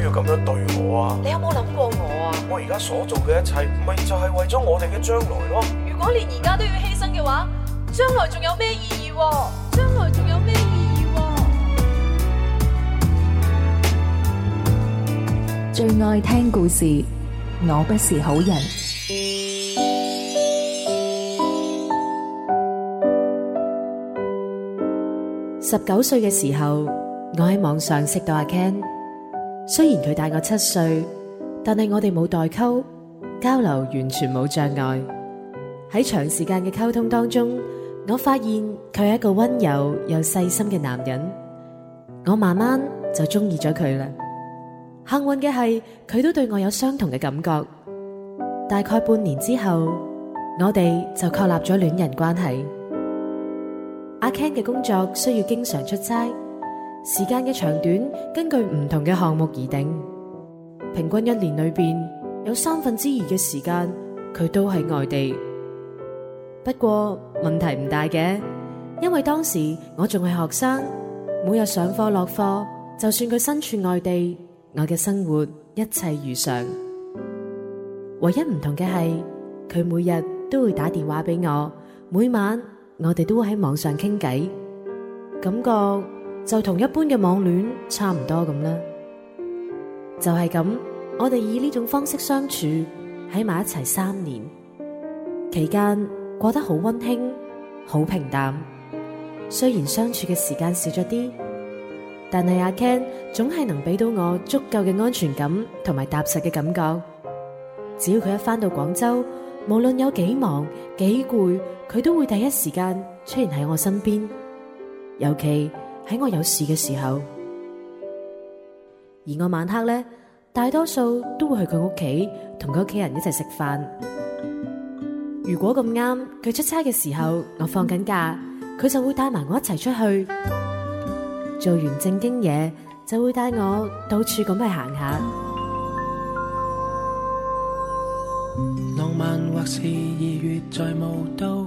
要咁樣對我啊！你有冇諗過我啊？我而家所做嘅一切，咪就係為咗我哋嘅將來咯！如果連而家都要犧牲嘅話，將來仲有咩意義喎？將來仲有咩意義喎？最愛聽故事，我不是好人。十九歲嘅時候，我喺網上識到阿 Ken。雖然佢大我七歲，但係我哋冇代溝，交流完全冇障礙。喺長時間嘅溝通當中，我發現佢係一個温柔又細心嘅男人，我慢慢就中意咗佢啦。幸運嘅係，佢都對我有相同嘅感覺。大概半年之後，我哋就確立咗戀人關係。阿 Ken 嘅工作需要經常出差。時間嘅長短根據唔同嘅項目而定，平均一年裏邊有三分之二嘅時間佢都喺外地。不過問題唔大嘅，因為當時我仲係學生，每日上課落課，就算佢身處外地，我嘅生活一切如常。唯一唔同嘅係佢每日都會打電話俾我，每晚我哋都會喺網上傾偈，感覺。就同一般嘅網戀差唔多咁啦，就係咁，我哋以呢種方式相處喺埋一齊三年，期間過得好溫馨、好平淡。雖然相處嘅時間少咗啲，但係阿 Ken 總係能俾到我足夠嘅安全感同埋踏實嘅感覺。只要佢一翻到廣州，無論有幾忙幾攰，佢都會第一時間出現喺我身邊，尤其，喺我有事嘅時候，而我晚黑咧，大多數都會去佢屋企，同佢屋企人一齊食飯。如果咁啱佢出差嘅時候，我放緊假，佢就會帶埋我一齊出去，做完正經嘢，就會帶我到處咁去行下。浪漫或是二月在無都。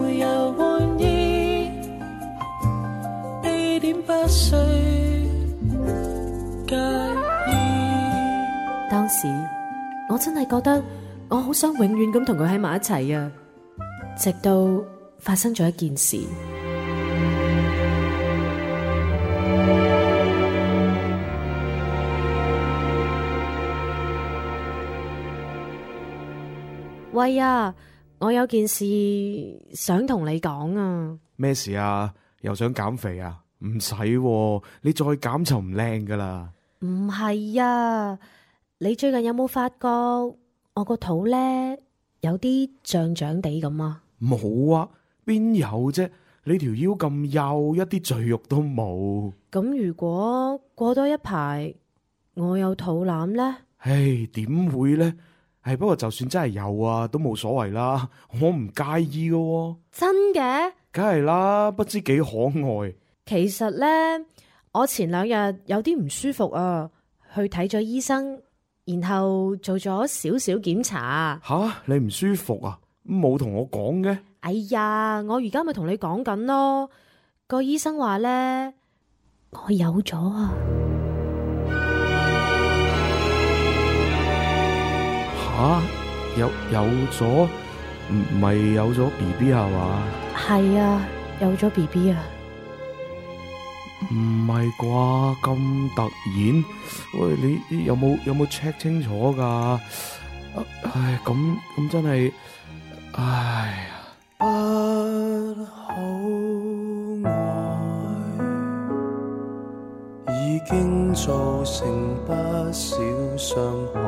我真係覺得我好想永遠咁同佢喺埋一齊啊，直到發生咗一件事。喂啊，我有件事想同你講啊。咩事啊？又想減肥啊？唔使，你再減就唔靚噶啦。唔係啊。你最近有冇發覺我個肚呢有啲脹脹地咁啊？冇啊，邊有啫？你條腰咁幼，一啲贅肉都冇。咁如果過多一排我有肚腩呢？唉，點會呢？唉，不過就算真係有啊，都冇所謂啦，我唔介意噶喎。真嘅？梗係啦，不知幾可愛。其實呢，我前兩日有啲唔舒服啊，去睇咗醫生。然後做咗少少檢查。吓，你唔舒服啊？冇同我講嘅。哎呀，我而家咪同你講緊咯。個醫生話咧，我有咗啊。吓，有有咗？唔係有咗 BB 係嘛？係啊，有咗 BB 啊。唔係啩？咁突然，喂，你，你有冇有冇 check 清楚㗎？唉，咁咁真係，唉呀！不好愛，已經造成不少傷害，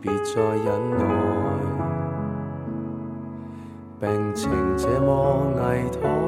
別再忍耐，病情這麼危殆，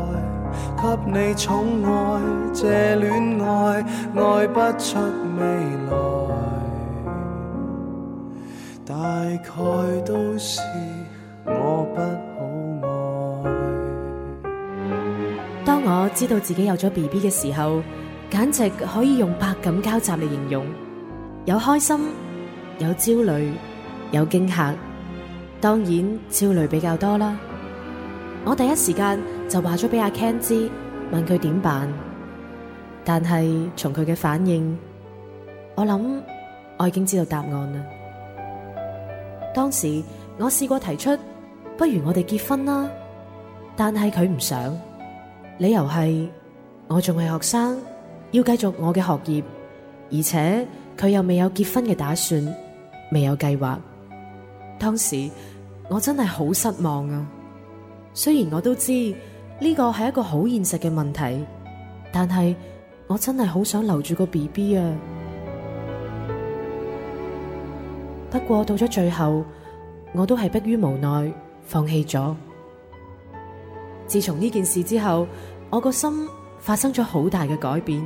給你寵愛，戀愛，愛不出未來，大概都是我不好愛。當我知道自己有咗 BB 嘅時候，簡直可以用百感交集嚟形容，有開心，有焦慮，有驚嚇，當然焦慮比較多啦。我第一時間。就話咗俾阿 Ken 知，問佢點辦。但係從佢嘅反應，我諗我已經知道答案啦。當時我試過提出，不如我哋結婚啦，但係佢唔想，理由係我仲係學生，要繼續我嘅學業，而且佢又未有結婚嘅打算，未有計劃。當時我真係好失望啊！雖然我都知。呢個係一個好現實嘅問題，但係我真係好想留住個 BB 啊！不過到咗最後，我都係迫於無奈放棄咗。自從呢件事之後，我個心發生咗好大嘅改變。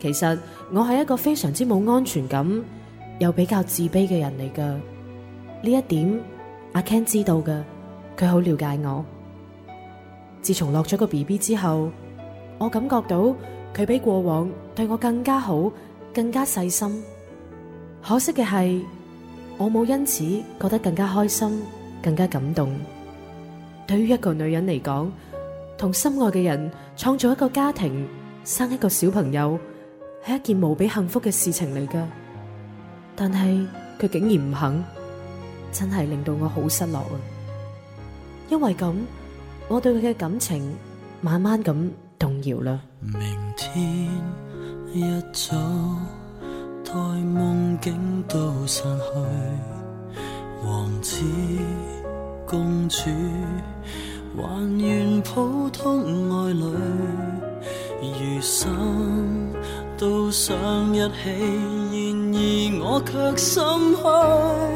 其實我係一個非常之冇安全感又比較自卑嘅人嚟㗎。呢一點阿 Ken 知道㗎，佢好了解我。自從落咗個 BB 之後，我感覺到佢比過往對我更加好，更加細心。可惜嘅係，我冇因此覺得更加開心，更加感動。對於一個女人嚟講，同心愛嘅人創造一個家庭，生一個小朋友，係一件無比幸福嘅事情嚟噶。但係佢竟然唔肯，真係令到我好失落啊！因為咁。我對佢嘅感情慢慢咁動搖啦。明天一早，待夢境都散去，王子公主還原普通愛侶，餘生都想一起，然而我卻心虛。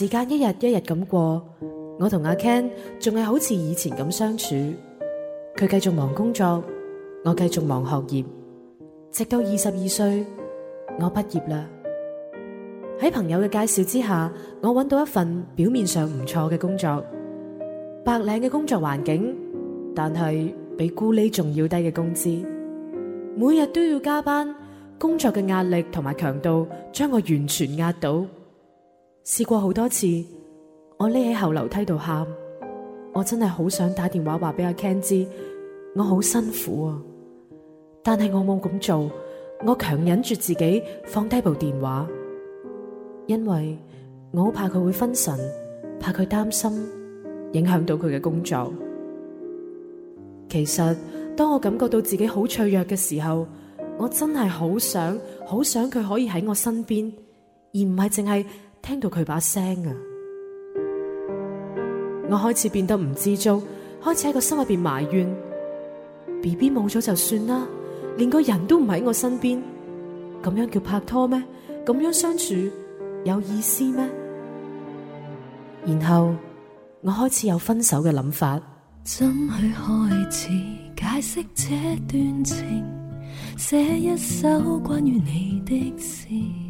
時間一日一日咁過，我同阿 Ken 仲係好似以前咁相處。佢繼續忙工作，我繼續忙學業。直到二十二歲，我畢業了。喺朋友嘅介紹之下，我搵到一份表面上唔錯嘅工作，白領嘅工作環境，但係比咕喱仲要低嘅工資。每日都要加班，工作嘅壓力同埋強度將我完全壓倒。試過好多次，我匿喺後樓梯度喊。我真係好想打電話話俾阿 Ken 知，我好辛苦啊。但係我冇咁做，我強忍住自己放低部電話，因為我好怕佢會分神，怕佢擔心，影響到佢嘅工作。其實當我感覺到自己好脆弱嘅時候，我真係好想，好想佢可以喺我身邊，而唔係淨係。聽到佢把聲啊，我開始變得唔知足，開始喺個心入邊埋怨，BB 冇咗就算啦，連個人都唔喺我身邊，咁樣叫拍拖咩？咁樣相處有意思咩？然後我開始有分手嘅諗法。怎去開始解釋這段情？寫一首關於你的詩